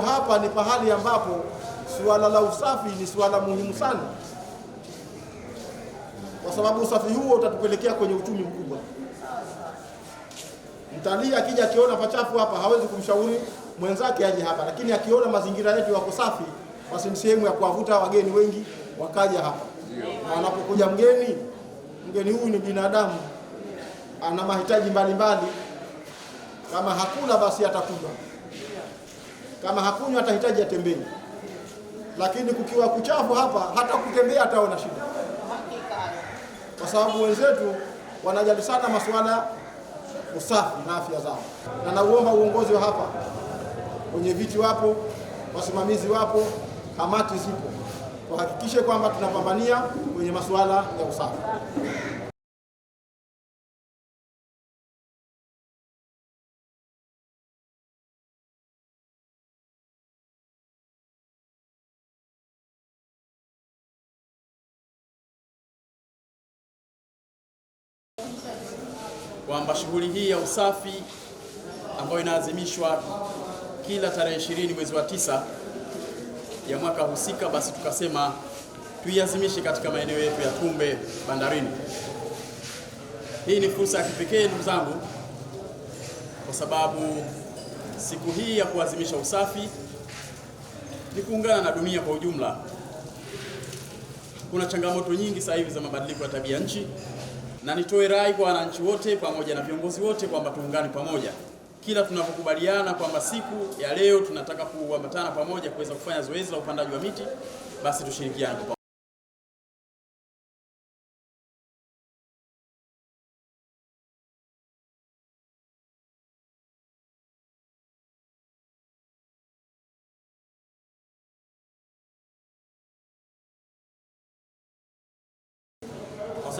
Hapa ni pahali ambapo suala la usafi ni suala muhimu sana, kwa sababu usafi huo utatupelekea kwenye uchumi mkubwa. Mtalii akija akiona pachafu hapa, hawezi kumshauri mwenzake aje hapa, lakini akiona mazingira yetu yako safi, basi ni sehemu ya kuwavuta wageni wengi wakaja hapa, na anapokuja mgeni, mgeni huyu ni binadamu, ana mahitaji mbalimbali. Kama hakula basi atakuja kama hakunywa atahitaji atembee, lakini kukiwa kuchafu hapa, hata kutembea ataona shida, kwa sababu wenzetu wanajali sana masuala usafi na afya zao, na nauomba uongozi wa hapa, wenye viti wapo, wasimamizi wapo, kamati zipo, tuhakikishe kwamba tunapambania kwenye masuala ya usafi. kwamba shughuli hii ya usafi ambayo inaadhimishwa kila tarehe ishirini mwezi wa tisa ya mwaka husika, basi tukasema tuiazimishe katika maeneo yetu ya Tumbe bandarini. Hii ni fursa ya kipekee ndugu zangu, kwa sababu siku hii ya kuadhimisha usafi ni kuungana na dunia kwa ujumla. Kuna changamoto nyingi sasa hivi za mabadiliko ya tabia nchi na nitoe rai kwa wananchi wote pamoja na viongozi wote kwamba tuungane pamoja kila tunapokubaliana kwamba siku ya leo tunataka kuambatana pamoja kuweza kufanya zoezi la upandaji wa miti, basi tushirikiane.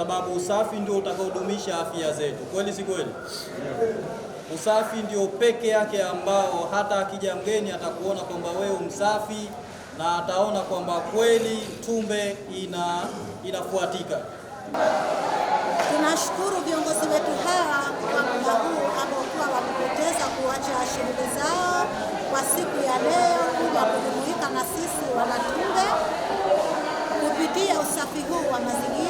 sababu usafi ndio utakaodumisha afya zetu, kweli si kweli? Usafi ndio peke yake ambao hata akija mgeni atakuona kwamba wewe msafi na ataona kwamba kweli Tumbe ina inafuatika. Tunashukuru viongozi wetu hawa kwa muda huu ambao wamepoteza kuacha shughuli zao kwa siku ya leo kuja kujumuika na sisi Wanatumbe kupitia usafi huu wa mazingira.